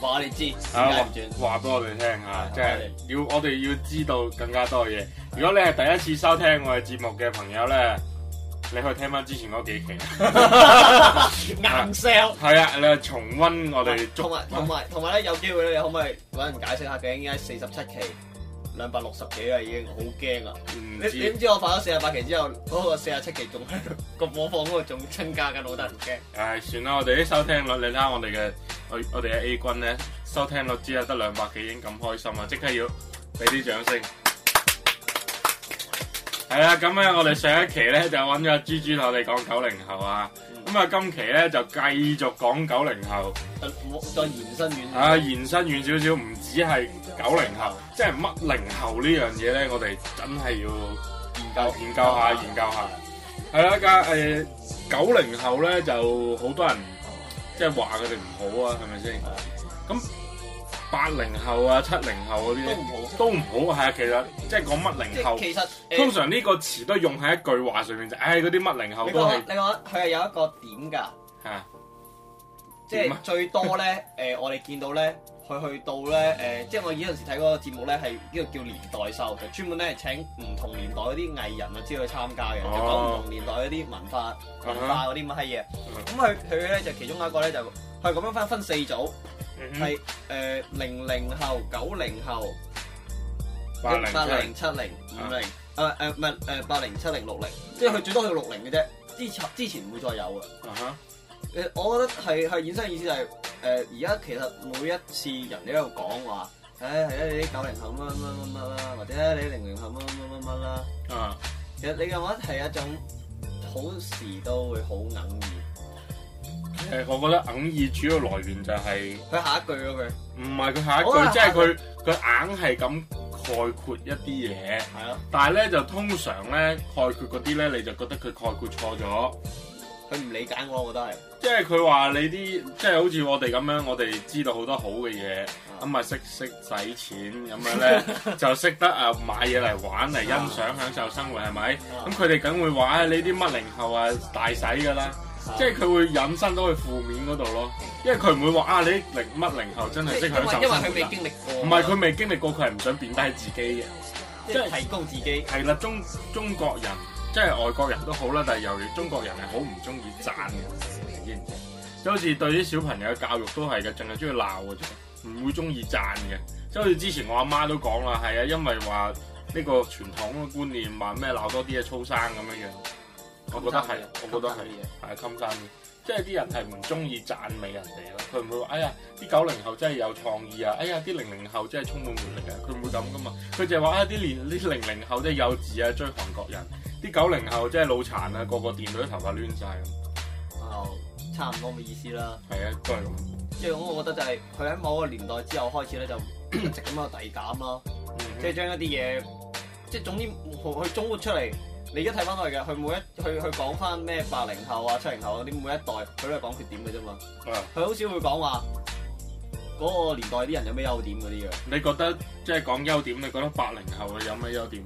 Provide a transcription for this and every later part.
話我哋知，話俾對對我哋聽啊！即係要我哋要知道更加多嘅嘢。對如果你係第一次收聽我哋節目嘅朋友咧，你可以聽翻之前嗰幾期硬 sell 係啊，你係重溫我哋同埋同埋同埋咧，有機會咧，你可唔可以搵人解釋下嘅？究竟四十七期。兩百六十幾啦，已經好驚啊！你點知我發咗四十八期之後，嗰個四十七期仲喺度播放嗰個仲增加緊，我真係唔驚。唉，算啦，我哋啲收聽率，你睇下我哋嘅我我哋嘅 A 君咧，收聽率只係得兩百幾，已經咁開心啦，即刻要俾啲掌聲。係啊，咁咧我哋上一期咧就揾咗豬豬同我哋講九零後啊。咁啊，今期咧就繼續講九零後，誒，再延伸遠少少、啊，延伸遠少少，唔止係九零後，即係乜零後呢樣嘢咧？我哋真係要研究研究下、啊、研究下。係啦、啊，家誒九零後咧就好多人即係話佢哋唔好啊，係咪先？咁、啊。八零後啊，七零後嗰啲都唔好，都唔好，係啊，其實即係講乜零後，其實通常呢個詞都用喺一句話上面就，唉、哎，嗰啲乜零後都係。你講，你講，佢係有一個點㗎，係哈，即係啊，即係最多咧，誒、呃，我哋見到咧，佢去到咧，誒、呃，即係我以前有時睇嗰個節目咧，係呢個叫年代秀就專門咧係請唔同年代嗰啲藝人啊之類去參加嘅，哦，講唔同年代嗰啲文化、文化嗰啲乜嘢。咁佢佢咧就其中一個咧就係咁樣分分四組。係誒零零後、九零後，八零七零五零誒、誒唔係誒八零七零六零，即係佢最多去到六零嘅啫，之前之前唔會再有嘅。啊、誒、uh huh. 呃、我覺得係係衍生嘅意思就係誒而家其實每一次人哋喺度講話，誒係啊你啲九零後乜乜乜乜乜啦，或者你啲零零後乜乜乜乜乜啦。啊、uh，huh. 其實你嘅話係一種好時都會好硬。誒，我覺得貶義主要來源就係佢下一句咯。佢唔係佢下一句，即係佢佢硬係咁概括一啲嘢。係咯，但係咧就通常咧概括嗰啲咧，你就覺得佢概括錯咗。佢唔理解我，我覺得係。即係佢話你啲，即係好似我哋咁樣，我哋知道好多好嘅嘢，咁啊識識使錢咁樣咧，就識得啊買嘢嚟玩嚟欣賞享受生活係咪？咁佢哋梗會話啊你啲乜零後啊大使㗎啦。即係佢會引申到去負面嗰度咯，因為佢唔會話啊，你零乜零後真係識享受，因為佢未經歷過，唔係佢未經歷過，佢係唔想貶低自己嘅，即係是提高自己。係啦，中中國人即係外國人都好啦，但係由於中國人係好唔中意贊嘅，知唔知？即係好似對啲小朋友嘅教育都係嘅，淨係中意鬧嘅啫，唔會中意贊嘅。即係好似之前我阿媽，媽都講啦，係啊，因為話呢個傳統觀念話咩鬧多啲嘢粗生咁樣樣。我覺得係，我覺得係，係襟生即係啲人係唔中意讚美人哋咯，佢唔會話哎呀，啲九零後真係有創意啊，哎呀，啲零零後真係、哎、充滿活力啊，佢唔會咁噶嘛，佢就係話啊，啲年啲零零後即係幼稚啊，追韓國人，啲九零後即係腦殘啊，個個電到啲頭髮亂曬咁，啊、哦，差唔多嘅意思啦，係啊，都係咁，即係咁，我覺得就係佢喺某個年代之後開始咧，就一直咁樣遞減咯，即係將一啲嘢，即係總之佢中造出嚟。你而家睇翻佢嘅，佢每一佢佢講翻咩八零後啊、七零後嗰、啊、啲每一代，佢都係講缺點嘅啫嘛。佢好、嗯、少會講話嗰個年代啲人有咩優點嗰啲嘅。你覺得即係、就是、講優點，你覺得八零後有咩優點？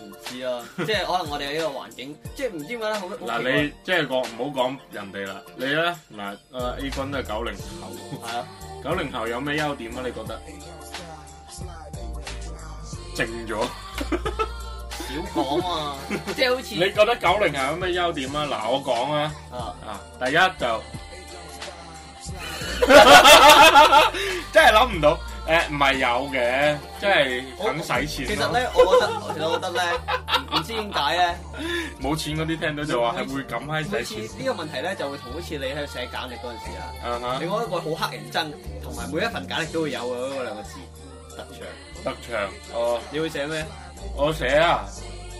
唔 知啊，即係可能我哋呢個環境， 啊、即係唔知點解好。嗱你即係講唔好講人哋啦，你咧嗱誒 A 君都係九零後。係啊，九零後有咩優點啊？你覺得？正咗。少講啊，即係好似你覺得九零後有咩優點啊？嗱，我講啊，啊，第一就，真係諗唔到，誒，唔係有嘅，即係肯使錢。其實咧，我覺得，其實我覺得咧，唔知點解咧，冇錢嗰啲聽到就話係會咁閪使錢。呢個問題咧，就會同好似你喺度寫簡歷嗰陣時啊，另外一個好乞人憎，同埋每一份簡歷都會有嗰個兩個字，特長。特長哦，你會寫咩？我寫啊，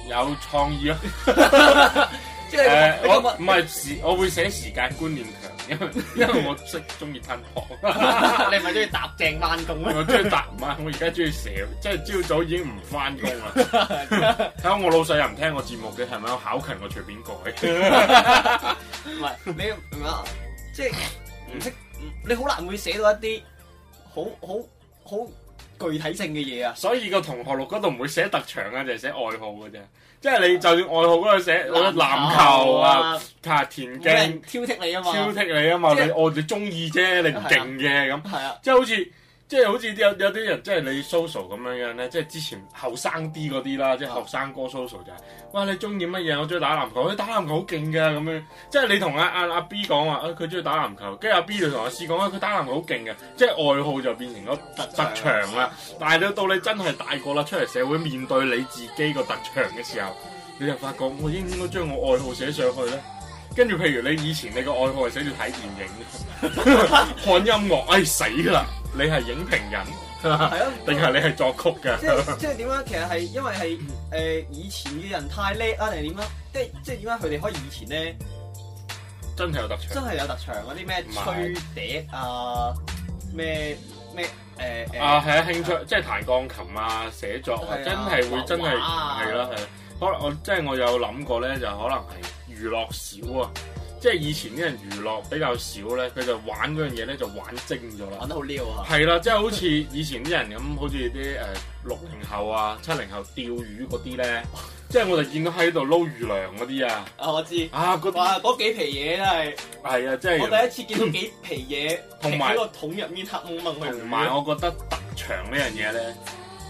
有創意咯，啊， 呃、即係我唔係 時，我會寫時間觀念強，因為因為我識中意吞糖，你係咪中意搭正翻工咯？我中意搭唔啊！我而家中意寫，即係朝早已經唔翻工啦。睇 下 我老細又唔聽我節目嘅，係咪我考勤我隨便改？唔 係 你係咪即係唔識，嗯、你好難會寫到一啲好好好。好好好好好好具體性嘅嘢啊，所以個同學錄嗰度唔會寫特長啊，就係寫愛好嘅啫。即係你就算愛好嗰度寫，我籃球啊，睇下田徑。挑剔你啊嘛，挑剔你啊嘛，是你我哋中意啫，那你唔勁嘅咁。係啊，即係好似。即係好似啲有有啲人，即係你 social 咁樣樣咧，即係之前後生啲嗰啲啦，即係後生哥 social 就係、是，哇！你中意乜嘢？我中意打籃球，你打籃球好勁㗎咁樣。即係你同阿阿阿 B 講話，佢中意打籃球，跟住阿 B 就同阿 C 講佢、啊、打籃球好勁嘅。即係愛好就變成咗特特長啦。 但係到你真係大個啦，出嚟社會面對你自己個特長嘅時候，你就發覺我應該將我愛好寫上去咧。跟住譬如你以前你個愛好係寫住睇電影、 看音樂，哎死啦！你係影評人，係啊？定係你係作曲嘅？即係點樣？其實係因為係誒以前嘅人太叻啊，定係點樣？即係即係點解佢哋可以以前咧真係有特長，真係有特長嗰啲咩吹笛啊，咩咩誒啊係啊，興趣即係彈鋼琴啊，寫作啊，真係會真係係啦係啦，可能我即係我有諗過咧，就可能係娛樂少啊。即係以前啲人娛樂比較少咧，佢就玩嗰樣嘢咧就玩精咗啦。玩得好撩啊！係啦，即係好似以前啲人咁，好似啲誒六零後啊、七零後釣魚嗰啲咧，即係我就見到喺度撈魚糧嗰啲啊。啊，我知。啊，嗰幾皮嘢真係。係啊，即係。我第一次見到幾皮嘢，同埋個桶入面黑蒙蒙。同埋，我覺得特長呢樣嘢咧，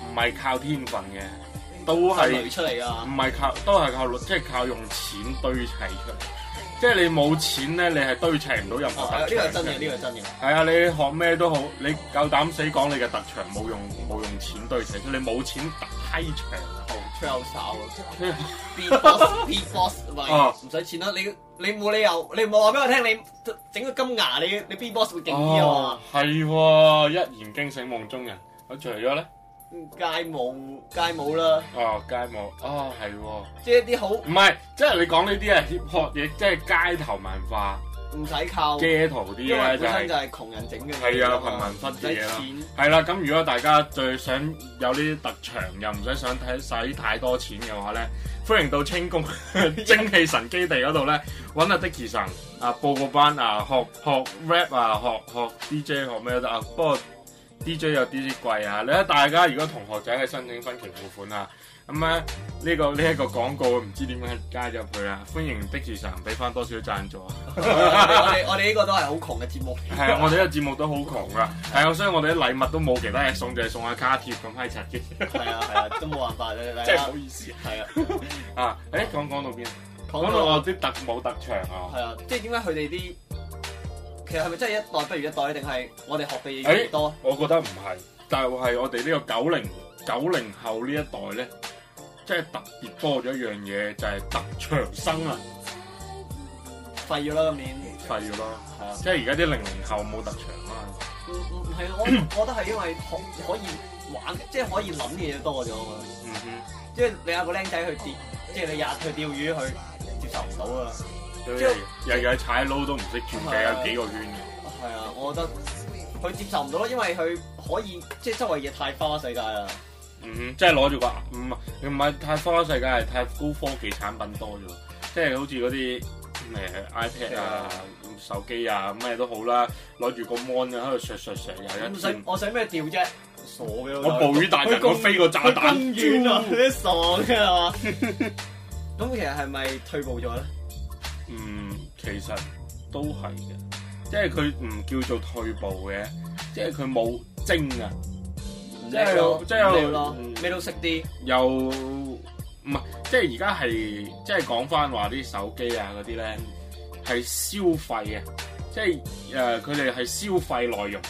唔係靠天分嘅，都係，出嚟㗎。唔係靠，都係靠，即係靠用錢堆砌出嚟。即係你冇錢咧，你係堆砌唔到任何特長。呢個、啊、真嘅，呢個真嘅。係啊，你學咩都好，你夠膽死講你嘅特長冇用，冇用錢堆砌出嚟。冇錢大長好出手。B box B box 喂唔使、啊、錢啦！你你冇理由，你冇係話俾我聽，你整個金牙，你你 B box 會勁啲啊嘛？係喎說，一言驚醒夢中人。咁除咗咧？街舞，街舞啦。哦，街舞，哦，係，即係一啲好，唔係，即係你講呢啲啊，學嘢即係街頭文化，唔使靠街頭啲嘢就係，本身就係窮人整嘅嘢咯。係啊，貧民窟啲嘢咯。係啦，咁如果大家最想有呢啲特長又唔使想睇使太多錢嘅話咧，歡迎到青工呵呵精氣神基地嗰度咧，搵阿 Dickie 神啊報個班啊，學學 rap 啊，學學 DJ 學咩都得啊，不過。DJ 有啲啲貴啊！你咧大家如果同學仔嘅申請分期付款啊，咁咧呢個呢一個廣告唔知點樣加入去啊。歡迎的住神俾翻多少贊助，我哋我哋呢個都係好窮嘅節目。係啊，我哋呢個節目都好窮啊。係啊，所以我哋啲禮物都冇其他嘢送，就係送下卡貼咁閪陳嘅。係啊係啊，都冇辦法啦，真係唔好意思。係啊，啊誒，講講到邊？講到我啲特冇特長啊。係啊，即係點解佢哋啲？其實係咪真係一代不如一代定係我哋學嘅嘢越多、欸？我覺得唔係，就係我哋呢個九零九零後呢一代咧，即係特別多咗一樣嘢，就係特長生啊！廢咗啦個面，廢咗咯，係、嗯、啊！即係而家啲零零後冇特長啊！唔唔係，我我覺得係因為可可以玩，即、就、係、是、可以諗嘅嘢多咗、嗯、哼即係你有個僆仔去釣，即係你廿去釣魚去，佢接受唔到啊！日日踩佬都唔識轉，計咗幾個圈嘅。係啊，我覺得佢接受唔到咯，因為佢可以即係周圍嘢太花世界啦。嗯，即係攞住個唔係你唔係太花世界，係太高科技產品多咗，即係好似嗰啲誒 iPad 啊、手機啊咩都好啦，攞住個 mon 啊喺度削削削又一陣。使我使咩調啫？傻嘅我暴雨大神，我飛個炸彈，你啊，啲傻嘅係嘛？咁其實係咪退步咗咧？嗯，其實都係嘅，即係佢唔叫做退步嘅，即係佢冇精啊，即係即係咩都識啲，又唔係，即係而家係即係講翻話啲手機啊嗰啲咧係消費嘅，即係誒佢哋係消費內容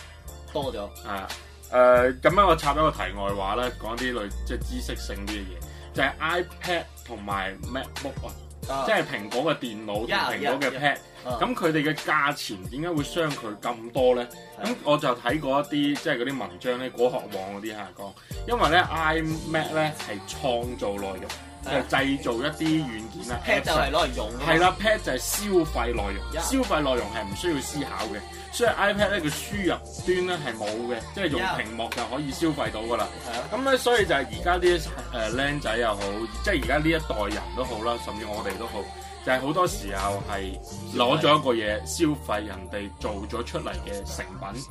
多咗啊誒，咁樣我插咗個題外話啦，講啲類即係知識性啲嘅嘢，就係、是、iPad 同埋 MacBook 啊。即係蘋果嘅電腦同蘋果嘅 pad，咁佢哋嘅價錢點解會相距咁多咧？咁、嗯、我就睇過一啲即係嗰啲文章咧，果殼網嗰啲下，講，因為咧 iMac 咧係創造內容。就製造一啲軟件啦 Pad 就係攞嚟用,用，係啦，Pad 就係消費內容，Yeah. 消費內容係唔需要思考嘅，所以 iPad 咧個輸入端咧係冇嘅，即係用屏幕就可以消費到噶啦，咁咧 Yeah. 所以就係而家啲誒僆仔又好，即係而家呢一代人都好啦，甚至我哋都好。就係好多時候係攞咗一個嘢消費人哋做咗出嚟嘅成品，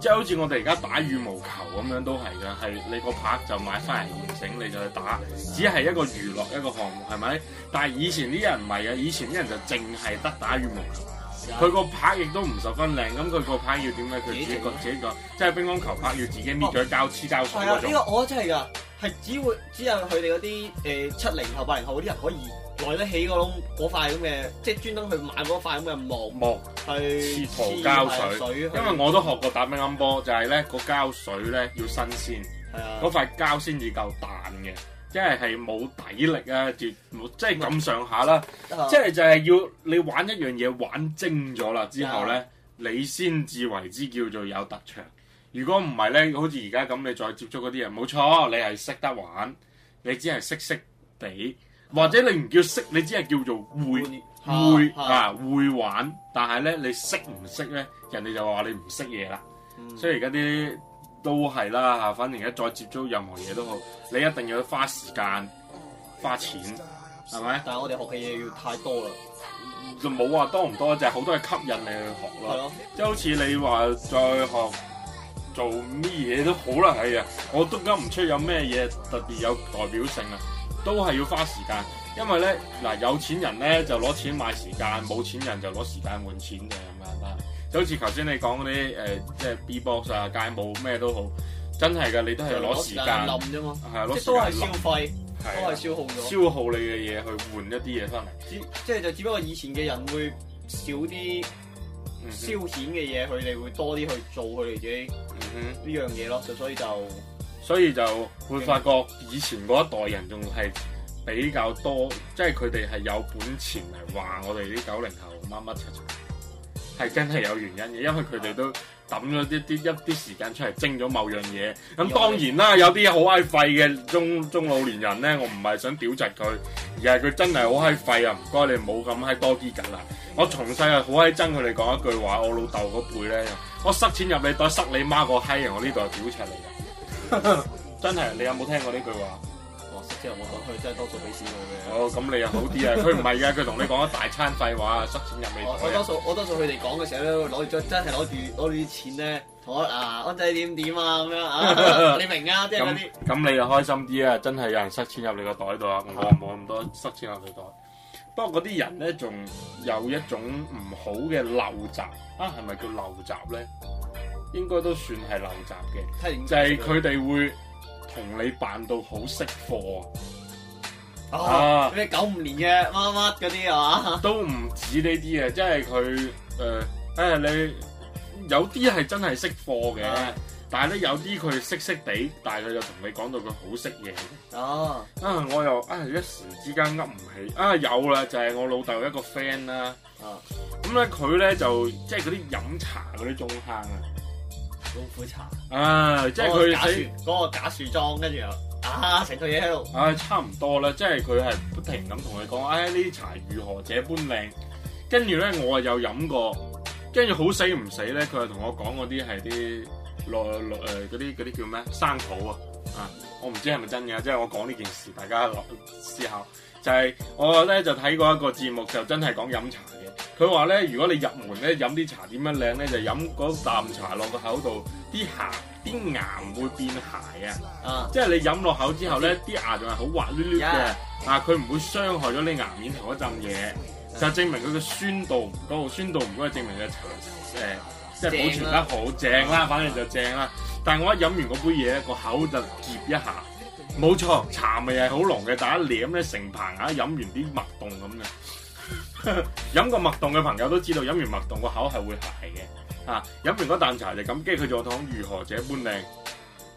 即係好似我哋而家打羽毛球咁樣都係噶，係你個拍就買翻嚟完整你就去打，只係一個娛樂一個項目係咪？但係以前啲人唔係啊，以前啲人就淨係得打羽毛球，佢個拍亦都唔十分靚，咁佢個拍要點咧？佢自己個自己個，即係乒乓球拍要自己搣咗膠黐膠水。種、啊。呢、呢個我真係噶，係只會只有佢哋嗰啲誒七零後八零後嗰啲人可以。買得起嗰種嗰塊咁嘅，即係專登去買嗰塊咁嘅膜膜去，黐膠水，水水因為我都學過打乒乓波，的就係咧個膠水咧要新鮮，嗰的塊膠先至夠彈嘅，因為係冇底力咧，即係咁上下啦。的即係就係要你玩一樣嘢玩精咗啦之後咧，的你先至為之叫做有特長。如果唔係咧，好似而家咁，你再接觸嗰啲人，冇錯，你係識得玩，你只係識識地。或者你唔叫識，你只係叫做會，會啊會玩。但係咧，你識唔識咧？人哋就話你唔識嘢啦。所以而家啲都係啦嚇，反正而家再接觸任何嘢都好，你一定要花時間、花錢，係咪？但係我哋學嘅嘢要太多啦。就冇話多唔多，就係好多係吸引你去學咯。即係好似你話再學做咩嘢都好啦，係啊，我都講唔出有咩嘢特別有代表性啊。都係要花時間，因為咧嗱，有錢人咧就攞錢買時間，冇錢人就攞時間換錢嘅咁簡單。嗯嗯、就好似頭先你講嗰啲誒，即係 B box 啊、街舞咩都好，真係嘅，你都係攞時間諗啫嘛，係啊，是都係消費，都係消耗咗、啊，消耗你嘅嘢去換一啲嘢翻嚟。只即係就是、只不過以前嘅人會少啲消遣嘅嘢，佢哋、嗯、哼會多啲去做佢哋自己呢、嗯、哼樣嘢咯，所以就。所以就會發覺以前嗰一代人仲係比較多，即係佢哋係有本錢嚟話我哋啲九零後乜乜柒柒，係真係有原因嘅，因為佢哋都抌咗一啲一啲時間出嚟精咗某樣嘢。咁當然啦，有啲好閪廢嘅中中老年人咧，我唔係想屌窒佢，而係佢真係好閪廢啊！唔該你唔好咁閪多機緊啦。白我從細啊好閪憎佢哋講一句話，我老豆嗰輩咧，我塞錢入你袋，塞你媽個閪啊！我呢度係屌窒嚟嘅。 真係，你有冇聽過呢句話？我 哦，之後我講佢真係多數俾錢我嘅。哦，咁你又好啲啊？佢唔係噶，佢同你講一大餐廢話啊，塞錢入你袋，哦。我多數我多數佢哋講嘅時候咧，攞住真係攞住攞住啲錢咧，同我啊安仔點點啊咁樣啊，啊，啊，你明啊？即係咁你又開心啲啊？真係有人塞錢入你個袋度啊！我冇咁多塞錢入佢袋。 不過嗰啲人咧，仲有一種唔好嘅陋習啊，係咪叫陋習咧？應該都算係陋習嘅，就係佢哋會同你扮到好識貨、哦、啊！咩九五年嘅乜乜嗰啲啊？都唔止呢啲、呃哎、啊。即係佢誒誒，你有啲係真係識貨嘅，但係咧有啲佢識識地，但係佢就同你講到佢好識嘢。哦啊，啊，我又啊、哎、一時之間噏唔起啊，有啦，就係、是、我老豆一個 friend 啦啊，咁咧佢咧就即係嗰啲飲茶嗰啲中坑啊。老虎茶，唉、啊，即係佢嗰個假樹樁，跟住又啊，成套嘢喺度，唉、啊，差唔多啦，即係佢係不停咁同佢講，唉、哎，呢啲茶如何這般靚，跟住咧我啊又飲過，死死跟住好死唔死咧，佢又同我講嗰啲係啲綠誒嗰啲啲叫咩生草啊，啊，我唔知係咪真嘅，即係我講呢件事，大家諗思考。就係我咧就睇過一個節目，就真係講飲茶嘅。佢話咧，如果你入門咧飲啲茶點樣靚咧，就飲嗰啖茶落個口度，啲牙啲牙唔會變鞋啊！即係你飲落口之後咧，啲牙仲係好滑溜溜嘅啊！佢唔會傷害咗你牙面嗰陣嘢，啊、就證明佢嘅酸度唔高。那個、酸度唔高就證明佢嘅茶誒，即、呃、係、啊、保存得好正啦，反正就正啦。但係我一飲完嗰杯嘢，個口就澀一下。冇錯，茶味係好濃嘅，大家舐咧成棚啊，飲完啲麥凍咁嘅，飲過麥凍嘅朋友都知道，飲完麥凍個口係會大嘅，啊，飲完嗰啖茶就咁，跟住佢就講如何者般靚，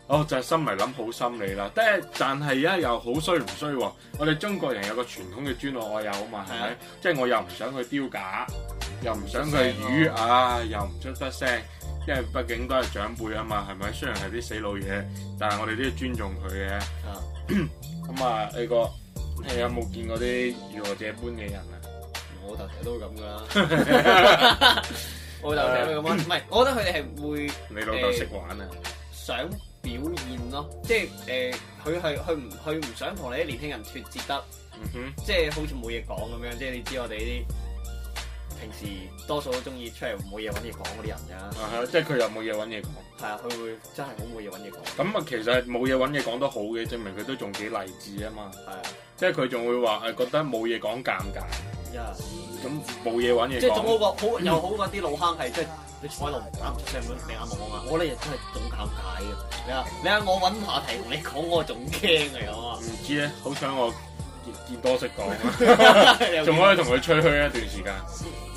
哦就係心嚟諗好心理啦，即係但係咧又好衰唔衰喎，我哋中國人有個傳統嘅尊老愛幼啊嘛，係咪？嗯、嗎即係我又唔想佢丟架，又唔想佢魚，唉、啊啊，又唔出得聲。因為畢竟都係長輩啊嘛，係咪？雖然係啲死老嘢，但係我哋都要尊重佢嘅。啊，咁 啊，你個，你有冇見過啲如我者般嘅人啊？ 我老豆都會咁噶啦， 我老豆仔都咁啊，唔係， 我覺得佢哋係會，你老豆識玩啊、呃，想表現咯，即係誒，佢係佢唔佢唔想同你啲年輕人脫節得，即係、嗯、哼 好似冇嘢講咁樣，即係你知我哋啲。平時多數都中意出嚟冇嘢揾嘢講嗰啲人㗎，係即係佢又冇嘢揾嘢講。係啊，佢會真係好冇嘢揾嘢講。咁啊，其實冇嘢揾嘢講都好嘅，證明佢都仲幾勵志啊嘛。係啊，即係佢仲會話誒，覺得冇嘢講尷尬。呀！咁冇嘢揾嘢。即係仲好過好，又好過啲老坑係即係你坐喺度唔上兩隻眼望啊！我呢日真係仲尷尬嘅。你啊？你啊？我揾話題同你講我仲驚嚟啊！唔知啊，好想我。見多識講，仲可以同佢吹噓一段時間。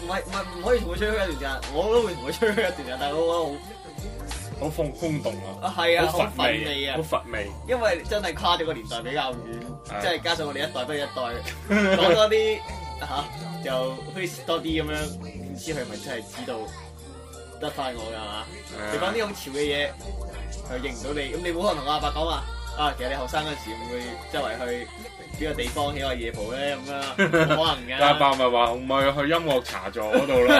唔係唔係唔可以同佢吹噓一段時間，我都會同佢吹噓一段時間，但係我我好好放空洞啊。啊係啊，好乏味啊，好乏味。啊、因為真係跨咗個年代比較遠，即係、啊、加上我哋一代不如一代，講、啊、多啲吓、 啊，就可多啲咁樣，唔知佢係咪真係知道得快我噶？吓，講啲好潮嘅嘢，佢認唔到你。咁你冇可能同阿伯講話啊，其實你後生嗰時會周圍去。幾個地方起個夜蒲咧咁樣，可能㗎。阿爸咪話：唔係去音樂茶座嗰度咯。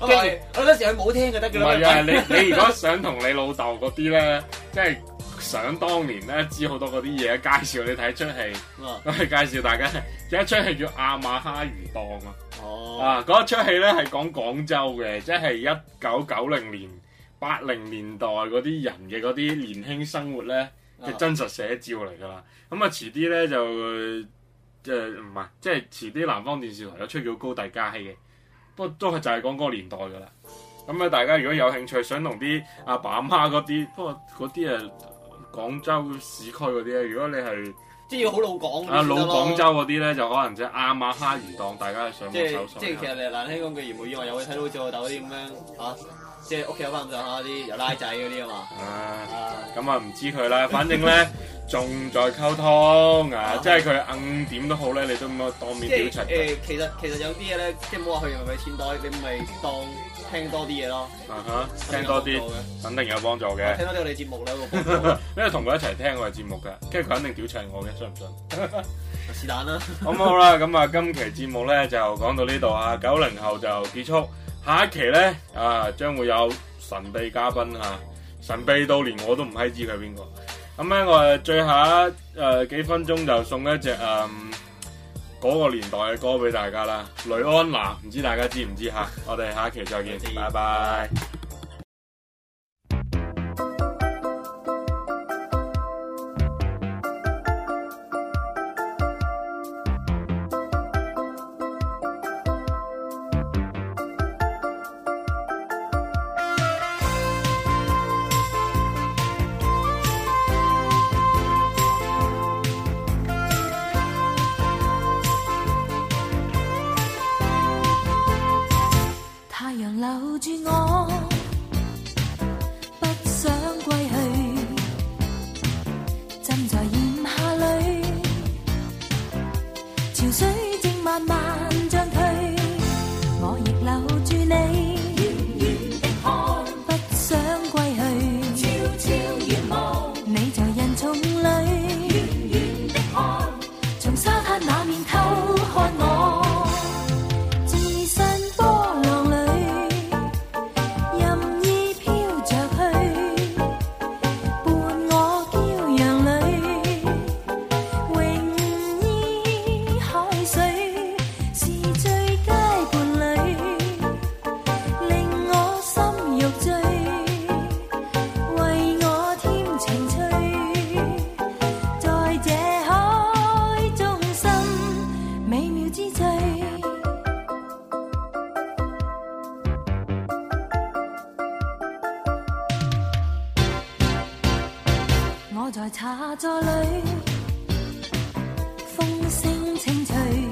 我我嗰時佢冇聽就得。唔係啊！你你如果想同你老豆嗰啲咧，即係想當年咧，知好多嗰啲嘢，介紹你睇出戲。咁你介紹大家一出戲叫《雅馬哈魚檔》啊。哦。啊，嗰出戲咧係講廣州嘅，即係一九九零年八零年代嗰啲人嘅嗰啲年輕生活咧，嘅真實寫照嚟㗎啦，咁啊遲啲咧就即誒，唔係，即係遲啲南方電視台有出叫《高第街》戲嘅，不過都係就係講嗰個年代㗎啦。咁啊大家如果有興趣，想同啲阿爸阿媽嗰啲，不過嗰啲誒廣州市區嗰啲咧，如果你係即係要好老廣啊老廣州嗰啲咧，就可能即係雅馬哈魚檔，大家上網搜索。即即係其實你難聽講句言以外有去睇到老豆啲咁樣嚇。即係屋企有班咁上下啲有拉仔嗰啲啊嘛，啊咁啊唔知佢啦，反正咧仲在溝通啊，即係佢硬點都好咧，你都唔該當面屌柒佢。誒，其實其實有啲嘢咧，即係唔好話佢用佢用錢袋，你咪當聽多啲嘢咯。啊哈，聽多啲，肯定有幫助嘅。聽多啲我哋節目啦，個幫助。因為同佢一齊聽我哋節目嘅，跟住佢肯定屌柒我嘅，信唔信？是但啦。咁好啦。咁啊，今期節目咧就講到呢度啊，九零後就結束。下一期咧啊，將會有神秘嘉賓嚇、啊，神秘到連我都唔閪知佢邊個。咁、啊、咧，我哋最後一誒幾分鐘就送一隻誒嗰個年代嘅歌俾大家啦。雷安娜，唔知大家知唔知嚇？我哋下一期再見，拜拜。在茶座裏，風聲清脆。